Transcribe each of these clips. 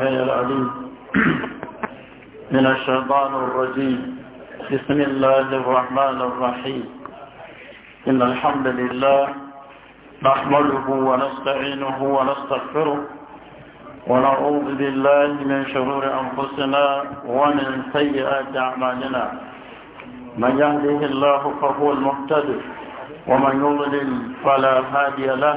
هيا العليم من الشيطان الرجيم بسم الله الرحمن الرحيم إن الحمد لله نحمده ونستعينه ونستغفره ونعوذ بالله من شرور أنفسنا ومن سيئات أعمالنا من يهده الله فهو المهتد ومن يضلل فلا هادي له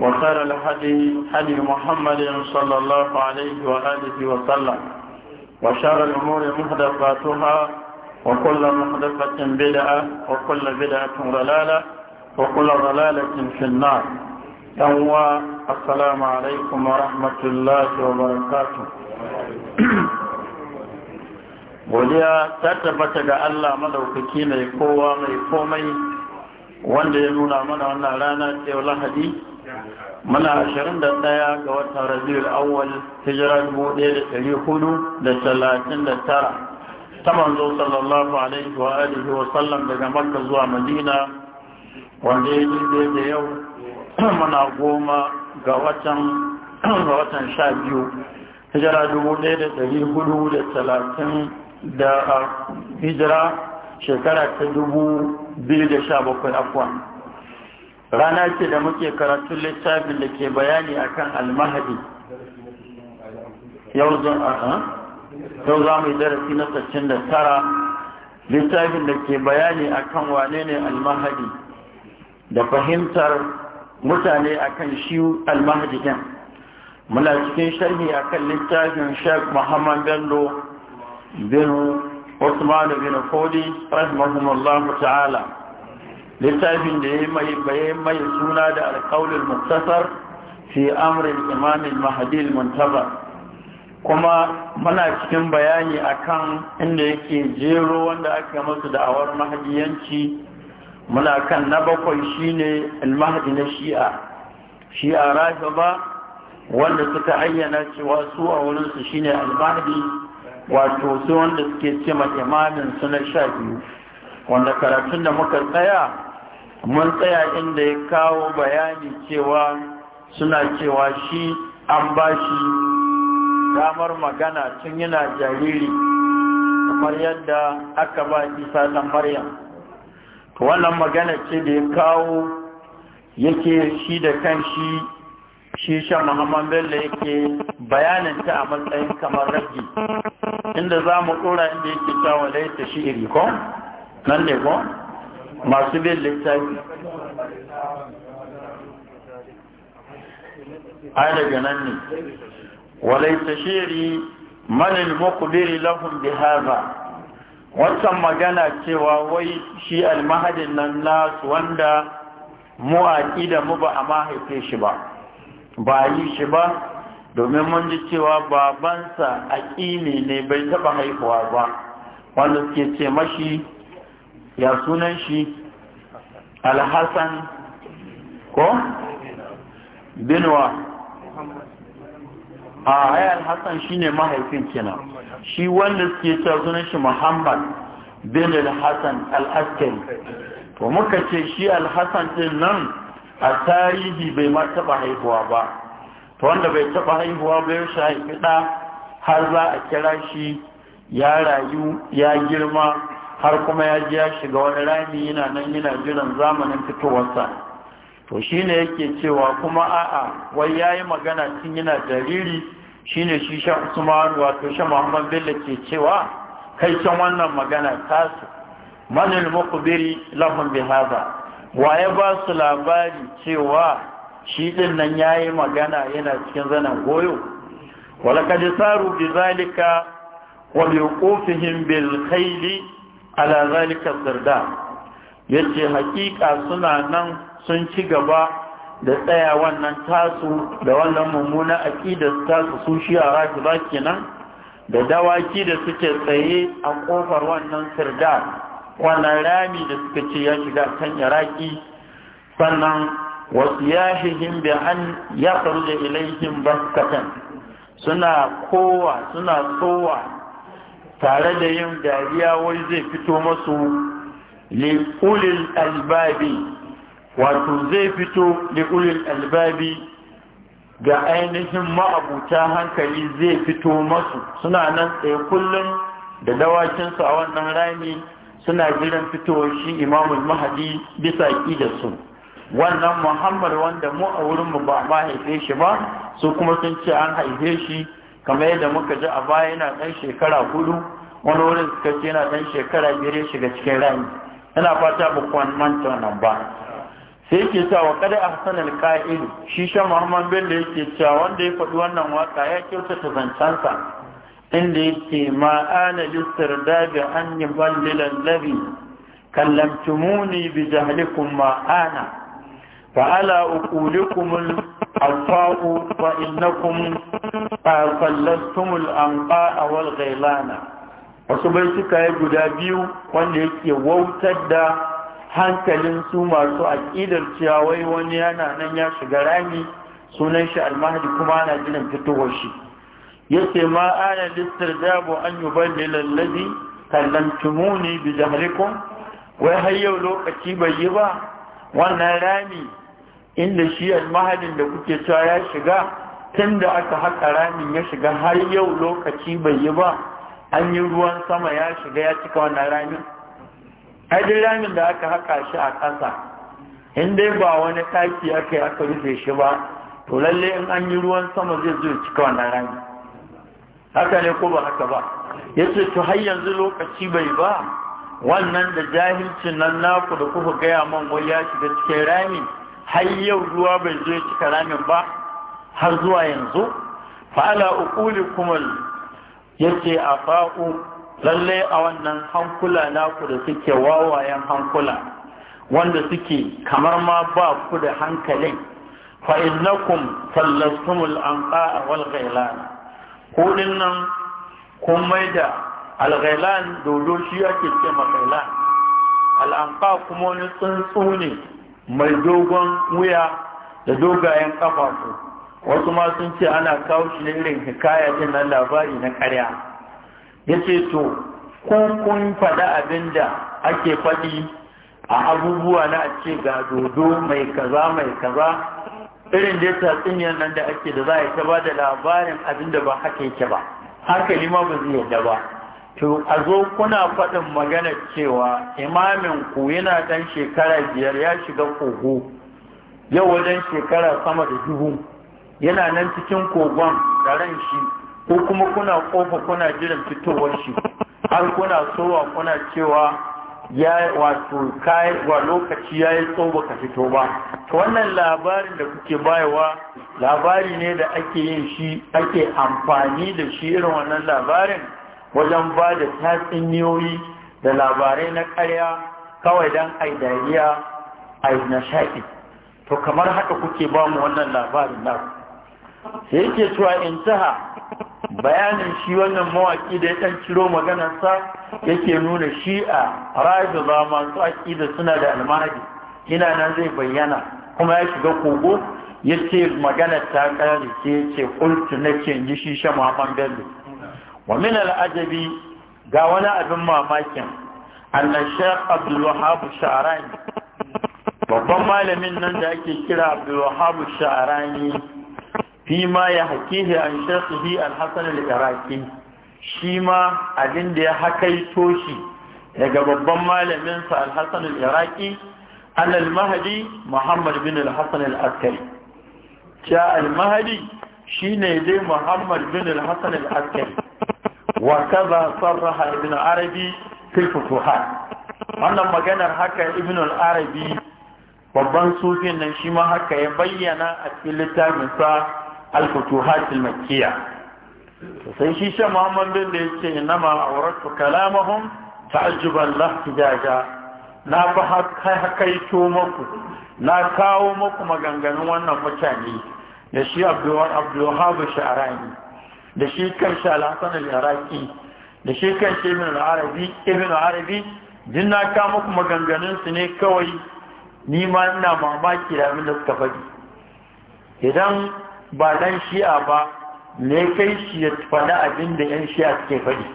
وخير الهدي هدي محمد صلى الله عليه وآله وسلم وشر الأمور محدثاتها وكل محدثة بدعة وكل بدعة ضلالة وكل ضلالة في النار يوا السلام عليكم ورحمة الله وبركاته godiya ta tabbata ga Allah madaukaki mai kowa mai komai wanda ya nuna mana wannan rana ta yau lahadi muna ɗaya ga watan rabiul awwal hijira tara ta manzo sallallahu alaihi wa alihi wa sallam daga makka zuwa madina wanda ya yi da yau muna goma ga watan ga watan 12 hijira 1430 da hudu da da hijira shekara ta dubu bakwai afwan rana ce da muke karatun littafin da ke bayani akan almahadi yau za mu yi darasi na sassin da tara littafin da ke bayani akan wane ne almahadi da fahimtar mutane akan shi almahadi ɗin muna cikin sharhi akan littafin sheikh muhammad bello bin usman bin fodi rahimahumullahu ta'ala littafin da ya mai bayan mai suna da alkaulin muktasar fi amrin imamin mahadil muntaba kuma muna cikin bayani akan inda yake jero wanda aka masu da'awar mahadiyanci muna kan na bakwai shine almahadi na shi'a shi'a ba wanda suka ayyana cewa su a wurinsu shine almahadi wato su wanda suke cema imamin su na sha biyu wanda karatun da muka tsaya mun tsaya inda ya kawo bayani cewa suna cewa shi an ba shi damar magana tun yana jariri kamar yadda aka ba isa ɗan maryam wannan magana ce da ya kawo yake shi da kan shi shi shan muhammad bello yake bayanin ta a matsayin kamar rage inda za mu ɗora inda yake cewa ta shi iri ko nan ne ko masu bin littafi ai daga nan ne walaita shiri manin mukbiri lahum bi hadha wancan magana cewa wai shi almahadin nan nasu wanda mu da mu ba a mahaife shi ba ba a yi shi ba domin mun ji cewa babansa aƙimi ne bai taɓa haihuwa ba wanda suke ce mashi ya sunan shi alhassan ko binwa a haya alhassan shi ne mahaifin kenan shi wanda suke cewa sunan shi muhammad bin alhassan al'askari to muka ce shi alhassan din nan a tarihi bai ma taɓa haihuwa ba to wanda bai taba haihuwa ba ya haifi ɗa har za a kira shi ya rayu ya girma har kuma ya ji ya shiga wani rami yana nan yana jiran zamanin fitowarsa to shine yake cewa kuma a'a wai yayi magana tun yana jariri shine shi sha Usman wato sha Muhammad Bello ke cewa kai can wannan magana tasu manil muqbiri lahum bi hada ya ba su labari cewa shi din nan yayi magana yana cikin zanen goyo walaqad saru bi zalika wa bi bil khayli ala zalika sirda yace hakika suna nan sun ci gaba da tsaya wannan tasu da wannan mummuna aqidar tasu su shi a rafiba kenan da dawaki da suke tsaye a ƙofar wannan sirda wannan rami da suka ce ya shiga kan iraki sannan wasu yahihim bi an ya faru da baskatan suna kowa suna tsowa tare da yin dariya wai zai fito masu liƙulil albabi wato zai fito liƙulil albabi ga ainihin ma'abuta hankali zai fito masu suna nan tsaye kullum da dawakinsu a wannan rami suna jiran fitowar shi imamul mahadi bisa da su wannan muhammad wanda mu a wurinmu ba ma haife shi ba su kuma sun ce an haife shi kamar yadda muka ji a baya yana ɗan shekara hudu wani wurin suka ce yana ɗan shekara biyar shiga cikin rami Yana fata ba kwan manta wannan ba sai yake sa wa kada ahsan alqa'il shi sha muhammad bello yake cewa wanda ya faɗi wannan waka ya kyautata zancansa inda yake ma ana dabi an yuballila allazi kallamtumuni bi jahlikum ma fa ala الطاء فإنكم قلدتم الأنقاء والغيلان wasu bai suka yi guda biyu wanda yake wautar da hankalin su masu aƙidar cewa wani yana nan ya shiga rami sunan shi almahdi kuma ana jiran fitowar shi yace ma ana listar dabo an yi bane lallazi kallantumuni bi jahrikum wai har yau lokaci bai yi ba wannan rami inda shi mahadin da kuke cewa ya shiga tun da aka haƙa ramin ya shiga har yau lokaci bai yi ba an yi ruwan sama ya shiga ya cika wannan ramin ajin ramin da aka haƙa shi a ƙasa in dai ba wani taki aka yi aka rufe shi ba to lalle in an yi ruwan sama zai zo cika wannan ramin haka ne ko ba haka ba ya ce to har yanzu lokaci bai ba wannan da jahilcin nan naku da kuka gaya man wai ya shiga cikin ramin har yau ruwa bai zo ya cika ramin ba har zuwa yanzu fa'ala uquli kumal yace fa'u lalle a wannan hankula naku da suke wawayen hankula wanda suke kamar ma ba ku da hankalin fa innakum sallastumul anqa wal ghailan ko nan kun maida al ghailan dodo shi ake ce ma ghailan al anqa kuma wani tsuntsu ne mai dogon wuya da dogayen ƙafafu wasu ma sun ce ana kawo shi irin hikaya din nan labari na ƙarya ya ce to ko kun faɗa abin da ake faɗi a abubuwa na a ce ga dodo mai kaza mai kaza irin da tatsuniyar nan da ake da za a yi ta ba da labarin abin da ba haka yake ba hankali ma ba zai yadda ba to a zo kuna faɗin magana cewa imamin ku yana ɗan shekara biyar ya shiga kogo yau wajen shekara sama da dubu yana nan cikin kogon da ran shi ko kuma kuna kofa kuna jiran fitowar shi har kuna sowa kuna cewa ya wato kai wa lokaci ya yi tsoba ka fito ba to wannan labarin da kuke bayarwa labari ne da ake yin shi ake amfani da shi irin wannan labarin wajen ba da tatsuniyoyi da labarai na karya kawai don a yi dariya a na nishaɗi to kamar haka kuke ba mu wannan labarin na sai yake cewa intaha bayanin shi wannan mawaƙi da ya ɗan ciro maganarsa yake nuna shi a rajin ba masu aƙida suna da almahadi ina nan zai bayyana kuma ya shiga kogo ya ce maganar ta ƙare sai ya ce kultu na ce ji shi shan muhammad bello wa min al'ajabi ga wani abin mamakin annan shek abdulwahab sha'arani babban malamin nan da ake kira abdulwahab sha'arani fi ma ya hakihi an shekhi al al-iraki shi ma abin da ya hakaito shi daga babban malaminsa al al-iraki an al muhammad bin al-hasan al-askari ja al-mahdi shine dai muhammad bin al al-askari wa kaza sarraha ibn arabi fil futuhat wannan maganar haka ibn arabi babban sufin nan shima haka ya bayyana a cikin littafin sa al futuhat al makkiya sai shi shan muhammad bin a yace inama awratu kalamahum ta'ajjuban lahtijaja na ba hakaito muku na kawo maku maganganun wannan mutane da shi abdulwahab sha'arani da shi kanshi alhassan al da shi kanshi ibn al-arabi ibn arabi din na kama kuma ganganin su ne kawai nima ma ina mamaki da abin da suka faɗi idan ba dan shi'a ba ne kai shi ya faɗi abin da yan shi'a suke faɗi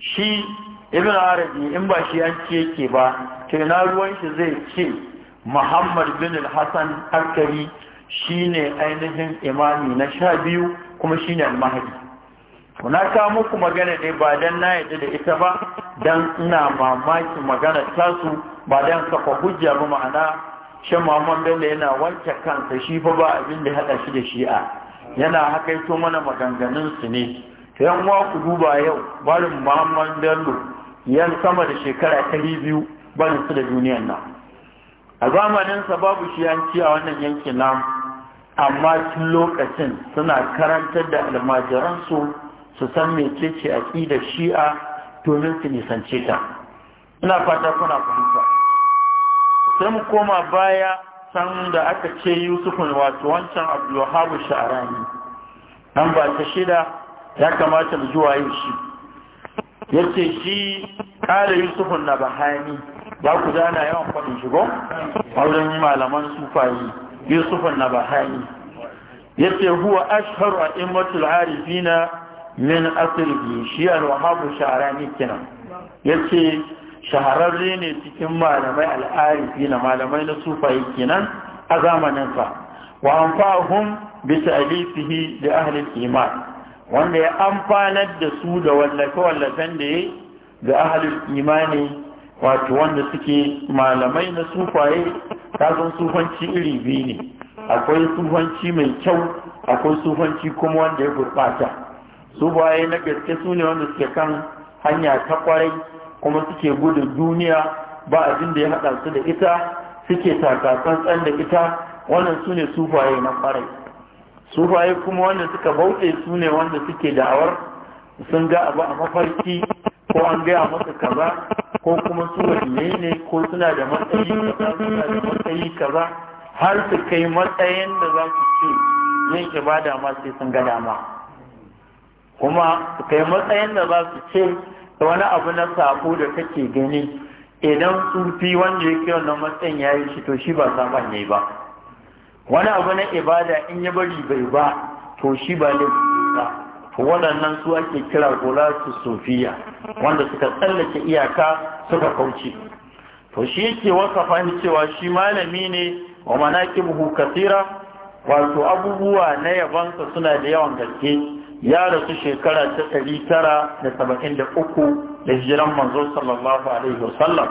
shi ibn arabi in ba shi an ce yake ba to na ruwan shi zai ce muhammad bin al-hasan shi shine ainihin imami na sha biyu kuma shine al mahadi kuna ka muku magana ne ba dan na yadda da ita ba dan ina mamaki magana tasu ba dan kafa hujja ba ma'ana shan Muhammad Bello yana wanke kansa shi fa ba abin da hada shi da shi'a yana to mana maganganun ne yan uwa ku duba yau barin Muhammad Bello yan sama da shekara biyu barin su da duniyar nan a zamanin sa babu ci a wannan yankin nan, amma tun lokacin suna karantar da almajiransu su san mece ce a da shi'a domin su nisance ta ina fata kuna fahimta sai mu koma baya san da aka ce yusufun wato wancan abdulwahabu sha'arani nan ba ta shida ya kamata mu zuwa yin shi yace shi ƙara yusufun na bahani ba ku dana yawan faɗin shigo wurin malaman sufayi yusufun na bahani yace huwa ashharu a'immatul arifina min asirgi shi al-wahabu shahararri kenan ya ce shahararre ne cikin malamai al'arifi na malamai na sufayi kenan a zamaninsa wa amfahun bisa alifihi da ahalin iman wanda ya amfanar da su da wallafe-wallafen da ya ga ahalin imani wato wanda suke malamai na sufaye kasan sufanci iri biyu ne akwai sufanci mai kyau akwai sufanci kuma wanda ya gurɓata su baye na gaske su ne wanda suke kan hanya ta kwarai kuma suke gudu duniya ba abin da ya haɗa su da ita suke tsan da ita wannan su ne sufaye na kwarai sufaye kuma wanda suka bauɗe su ne wanda suke da'awar sun ga abu a mafarki ko an gaya masa kaza ko kuma su wani ne ko suna da matsayi suna da matsayi kaza har su kai matsayin da za su ce yin ibada ma sai sun ga dama kuma kai matsayin da za su ce wani abu na sako da kake gani idan sufi wanda yake wannan matsayin ya yi shi to shi ba saban ne ba wani abu na ibada in ya bari bai ba to shi ba ne ba waɗannan su ake kira su sufiya wanda suka tsallake iyaka suka kauce to shi yake wasa fahimci cewa shi malami ne wa buhu kasira wato abubuwa na yabansa suna da yawan gaske ya rasu shekara ta ɗari tara da saba'in da uku da hijiran manzo sallallahu alaihi wasallam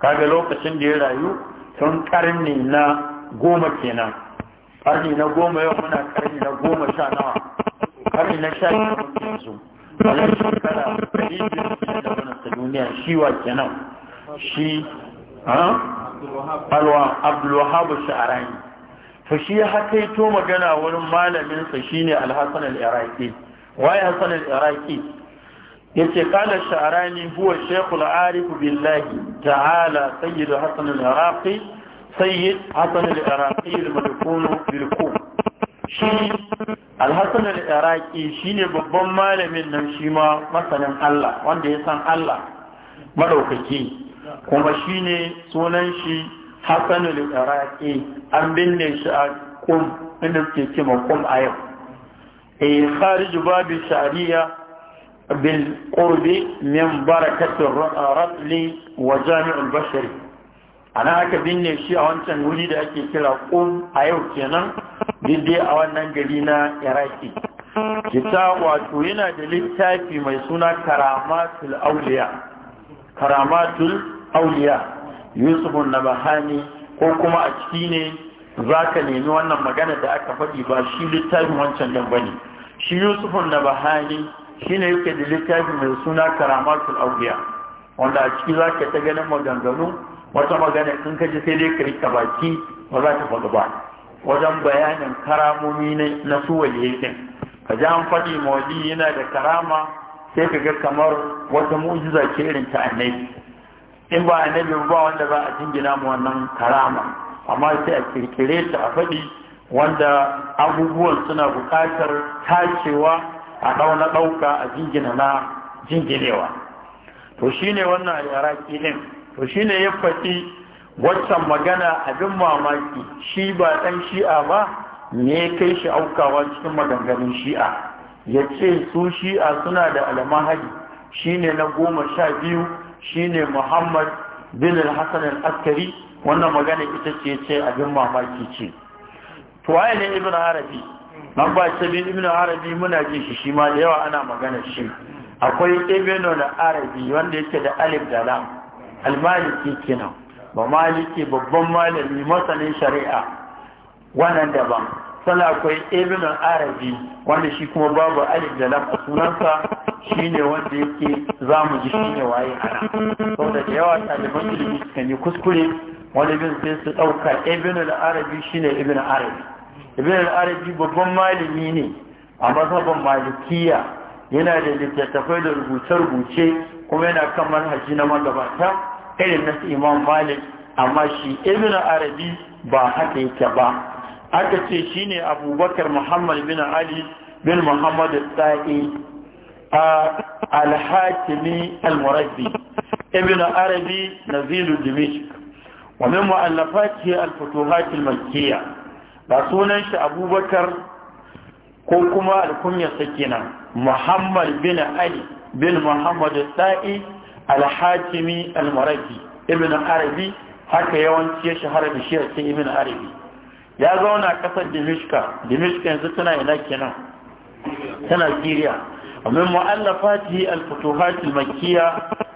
kaga lokacin da ya rayu tun karni na goma kenan karni na goma yau muna karni na goma sha nawa karni na sha biyu muke yanzu wannan shekara ɗari biyu da wani ta duniya shi wa kenan shi alwa abdulwahabu sha'arani to shi ya haka hakaito magana wurin malaminsa shine alhassan al-iraqi waye hasan al-iraqi yace kana sha'rani huwa shaykh al-arif billahi ta'ala sayyid hasan al-iraqi sayyid hasan al-iraqi al-madfun bil shi al-hasan al-iraqi shine babban malamin nan shi ma masanin Allah wanda ya san Allah madaukaki kuma shine sunan shi hasan al-iraqi an binne shi a kum inda suke cewa kum a yau eh kharij babu shari'a bil qurbi min barakati ratli wa jami'ul bashari ana aka binne shi a wancan wuri da ake kira qum a yau kenan daidai a wannan gari na iraki kita wato yana da littafi mai suna karamatul auliya karamatul auliya yusuf nabahani ko kuma a ciki ne za ka nemi wannan maganar da aka faɗi ba shi littafin wancan dan bane shi yusuf na bahani shi ne yake da littafi mai suna karamatul auliya wanda a ciki za ka ta ganin maganganu wata magana in ka ji sai dai ka rika baki ba za ta faɗi ba wajen bayanin karamomi na su waliyai ka ji an faɗi mawali yana da karama sai ka ga kamar wata mu'jiza ke irin ta annabi in ba annabi ba wanda za a jingina mu wannan karama amma sai a kirkire ta a faɗi wanda abubuwan suna bukatar tacewa a ɗauna ɗauka a jingina na jinginewa to shine wannan yaraki ɗin to shine ya faɗi waccan magana abin mamaki shi ba ɗan shi'a ba me kai shi aukawa cikin maganganun shi'a ya ce su shi'a suna da Shi ne na goma sha biyu Shi ne muhammad bin hassan al-askari wannan magana ita ce ce abin mamaki ce to ne ibn arabi man ba bi ibn arabi muna jin shi shi ma da yawa ana magana shi akwai ibn arabi wanda yake da alif da lam almaliki kina kenan ba maliki babban malami masanin shari'a wannan daban sannan akwai ibn arabi wanda shi kuma babu alif da lam sunansa shine wanda yake zamu ji shi ne waye ana saboda da yawa ta ilimi sukan yi kuskure wani bin sai su ɗauka ibn al-arabi shine ibn arabi ibn al-arabi babban malami ne a mazhaban malikiya yana da littattafai da rubuce-rubuce kuma yana kan manhaji na magabata irin na imam malik amma shi ibn arabi ba haka yake ba aka ce shine abubakar muhammad bin ali bin muhammad sa'i al-hakimi al-murabbi ibn arabi nazilu dimishq wa min mu'allafati al-futuhat al-makkiyya ba sunan shi Abubakar ko kuma al-kunya sakina Muhammad bin Ali bin Muhammad Sa'i al-Hatimi al-Maraki ibn Arabi haka yawanci shahara da shi sai ibn Arabi ya zauna kasar Dimishka Dimishka yanzu tana ina kenan tana Syria ومن مؤلفاته الفتوحات المكية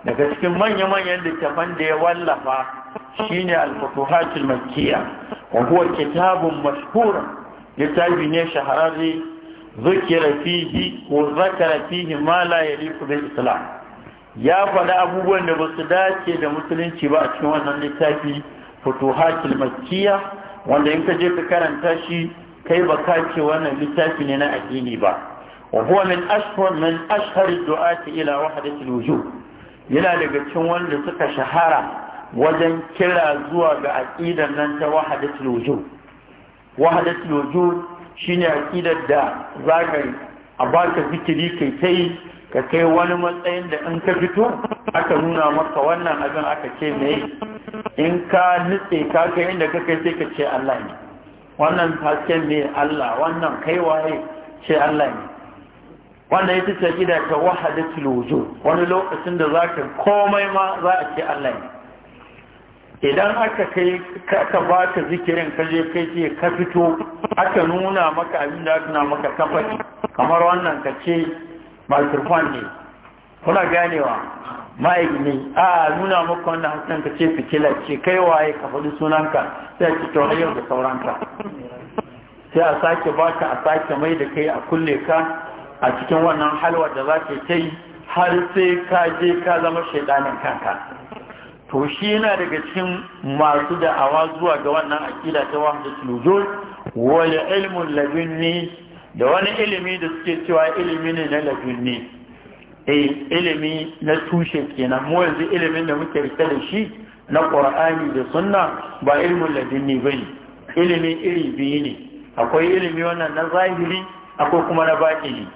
daga cikin manya-manyan littafan da ya wallafa shine al-futuhat al-makkiyya wa huwa kitabun mashhur littafi ne shahararre zukira fihi ko zakara fihi ma la yaliqu bil islam ya faɗi abubuwan da ba su dace da musulunci ba a cikin wannan littafi futuhat al-makkiyya wanda in ka je ka karanta shi kai ba ka ce wannan littafi ne na addini ba wa huwa min ashhar min ashhar du'ati ila wahdati al yana daga cikin wanda suka shahara wajen kira zuwa ga aƙidar nan ta wahadatul wujud wahadatul wujud shine aƙidar da za ka a baka zikiri kai tai ka kai wani matsayin da in ka fito aka nuna maka wannan abin aka ce mai in ka nutse ka kai inda ka kai sai ka ce Allah ne wannan hasken ne Allah wannan kai waye ce Allah ne wannan ita ce ta wahadatul wujud wani lokacin da zaka komai ma za a ce Allah ne idan aka kai ka ba ka zikirin ka je kai ce ka fito aka nuna maka abin da aka maka kafaki kamar wannan ka ce malfurfan ne kuna ganewa ma'aikini a nuna maka wannan hassan ka ce fikila ce kai waye ka faɗi sunanka sai ki to yau da sauranka sai a sake baka a sake mai da kai a kulle ka a cikin wannan halwa da za ka yi har sai ka je ka zama shaidanin kanka to shi yana daga cikin masu da'awa zuwa ga wannan aƙida ta su wujud wani ilimin labinni da wani ilimi da suke cewa ilimi ne na labinni eh ilimi na tushe kenan mu yanzu ilimin da muke rike da shi na qur'ani da sunna ba ilimin labinni ba ne. ilimi iri biyu ne akwai ilimi wannan na zahiri akwai kuma na baƙili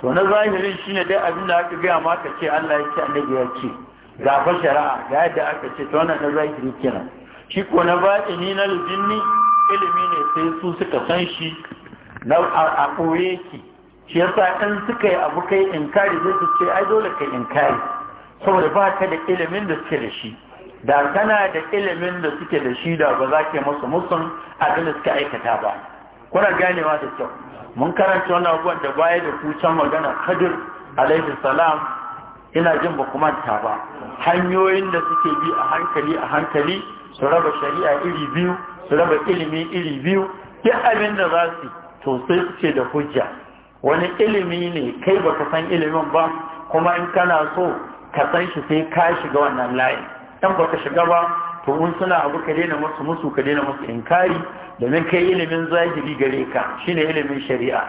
to na zahirin shine dai abin da aka gaya maka ce Allah ya ce annabi ya ce ga shari'a ga yadda aka ce ta wannan ɗan zahiri kenan shi ko na ni na lubinni ilimi ne sai su suka san shi na a ɓoye ki shi yasa in suka yi abu kai in inkari zai su ce ai dole kai inkari saboda ba ka da ilimin da suke da shi da kana da ilimin da suke da shi da ba za ka musu musun abin da suka aikata ba kuna ganewa da kyau mun karanta wannan abubuwan da baya da ku can magana kadir alaihi salam ina jin ba kuma ta ba hanyoyin da suke bi a hankali a hankali su raba shari'a iri biyu su raba ilimi iri biyu duk abin da za su to sai su ce da hujja wani ilimi ne kai ba ka san ilimin ba kuma in kana so ka san shi sai ka shiga wannan layin dan ka shiga ba to in suna abu ka daina musu musu ka daina musu inkari domin kai ilimin zahiri gare ka shine ilimin shari'a